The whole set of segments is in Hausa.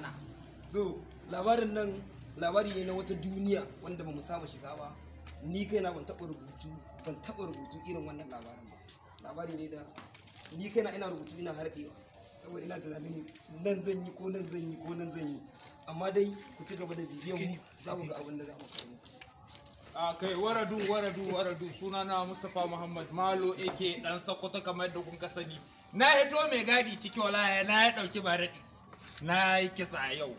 ma'ana so labarin nan labari ne na wata duniya wanda ba mu saba shiga ba ni kaina ban taɓa rubutu ban taba rubutu irin wannan labarin ba labari ne da ni kaina ina rubutu ina harbe saboda ina tunanin nan zan yi ko nan zan yi ko nan zan yi amma dai ku ci gaba da bidiyon mu za ku ga abin da za mu kawo a kai waradu waradu waradu na mustapha muhammad malo ake dan sakkwato kamar da kun ka sani na hito mai gadi ciki wala na ya dauki baradi na yi kisa yau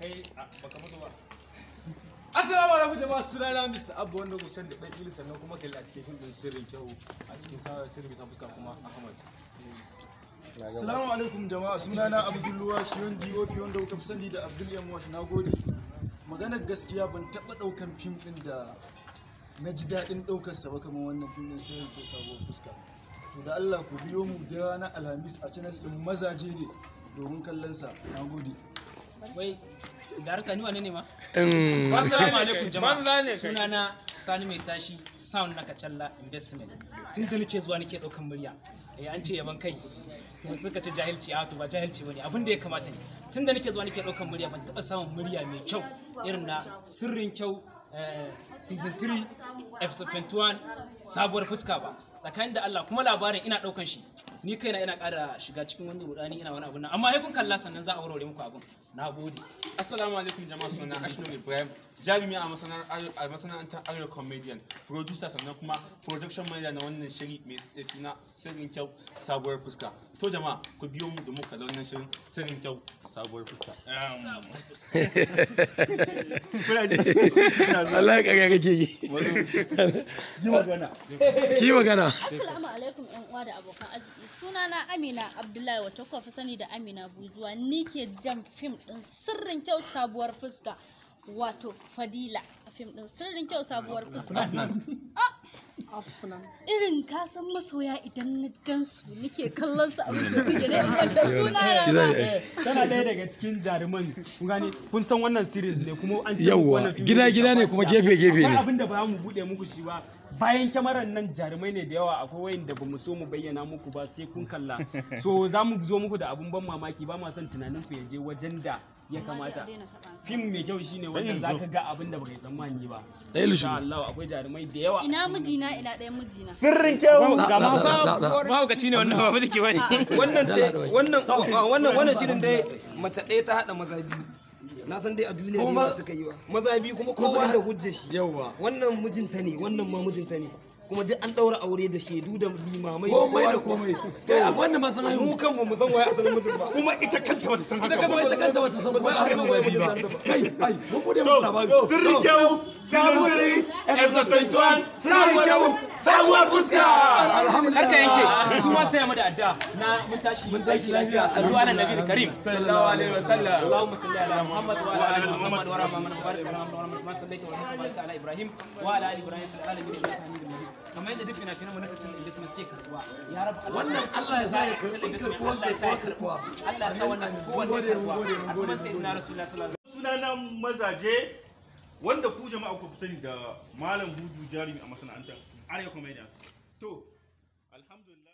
kai baka mutu ba Assalamu alaikum jama'a sunana Mr. abu wanda ku san da dan Ilu sannan kuma kalli a cikin fim din sirrin kyau a cikin sanar sirri bisa fuska kuma Ahmad. Assalamu alaikum jama'a sunana Abdulluwa Shiyon DOP wanda kuka sani da Abdul Yamwash nagode. Maganar gaskiya ban taba daukan fim din da na ji daɗin daukar sa ba kamar wannan fim din sirrin kyau sabuwar fuska. To da Allah ku biyo mu da na Alhamis a channel din mazaje ne. domin kallon sa na gode wai da harka ni wane ne ma assalamu alaikum jama'a sunana sani mai tashi sound na kacalla investment tun da nake zuwa nake daukan murya eh an ce yaban kai yanzu suka ce jahilci a to ba jahilci bane abin da ya kamata ne tun da nake zuwa nake daukan murya ban taba samun murya mai kyau irin na sirrin kyau eh, season 3 episode 21 sabuwar fuska ba tsakanin da Allah kuma labarin ina daukan shi ni kaina ina ƙara shiga cikin wani rudani ina wani abu nan amma kun kalla sannan za a warware muku abin nagode Assalamu alaikum jama'a suna Ashton Ibrahim jarumi a masana'antar Arya Comedian producer sannan kuma production manager na wannan shiri mai suna sirrin kyau sabuwar fuska to jama'a ku biyo mu da muka da wannan shirin sirrin kyau sabuwar fuska Allah ya kake yi ki magana ki magana Assalamu alaikum yan uwa da abokan arziki sunana Amina Abdullahi wato ku sani da Amina Buzuwa ni ke jan fim din sirrin kyau sabuwar fuska wato fadila a fim din sirrin kyau sabuwar fuska ah! irin ka san masoya idan na gan su nake kallon su a wajen da wata suna rana eh, tana ɗaya daga cikin jaruman kun kun san wannan series ne kuma an ce wannan gida gida ne kuma gefe gefe ne abinda ba mu bude muku shi ba bayan kyamarar nan jarumai ne da yawa akwai wayan da bamu so mu bayyana muku ba sai kun kalla so za mu zo muku da abun ban mamaki ba ma son tunanin ku ya je wajen da ya kamata fim mai kyau shine wanda ka ga abin da baka tsammani ba insha Allah akwai jarumai da yawa ina mijina ina ɗayan mijina sirrin kyau ga mahaukaci ne wannan ba mijiki bane wannan ce wannan wannan wannan shirin dai mace ɗaya ta hada maza biyu na san dai a duniya ne ba suka yi ba maza biyu kuma kowa da hujjar shi yawa wannan mijinta ne wannan ma mijinta ne kuma duk an daura aure da shedu da limamai komai da komai to wannan ma sanayi mu kan mu san waye asalin mutum ba kuma ita kanta bata san haka ba ita kanta bata san ba kai ai mun gode mu labari sirri kyau sirri episode 21 sirri kyau sabuwar fuska alhamdulillah haka yake su ma sai mu da adda na mun tashi mun tashi lafiya sallu ala nabiyil karim sallallahu alaihi wasallam allahumma salli ala muhammad wa ala ali muhammad wa rahmatullahi wa barakatuh wa ala ibrahim wa ala ali ibrahim fil alamin innaka hamidum kamar yadda duk fina-finan mu na kacin investment suke karbuwa ya rabu wannan Allah ya sa ya karbi karbuwa ya sa karbuwa Allah ya sa wannan kowanne karbuwa a kuma sai ina rasulullah sallallahu alaihi wasallam sunana mazaje wanda ku jama'a ku sani da malam hudu jarimi a masana'anta arewa comedians to alhamdulillah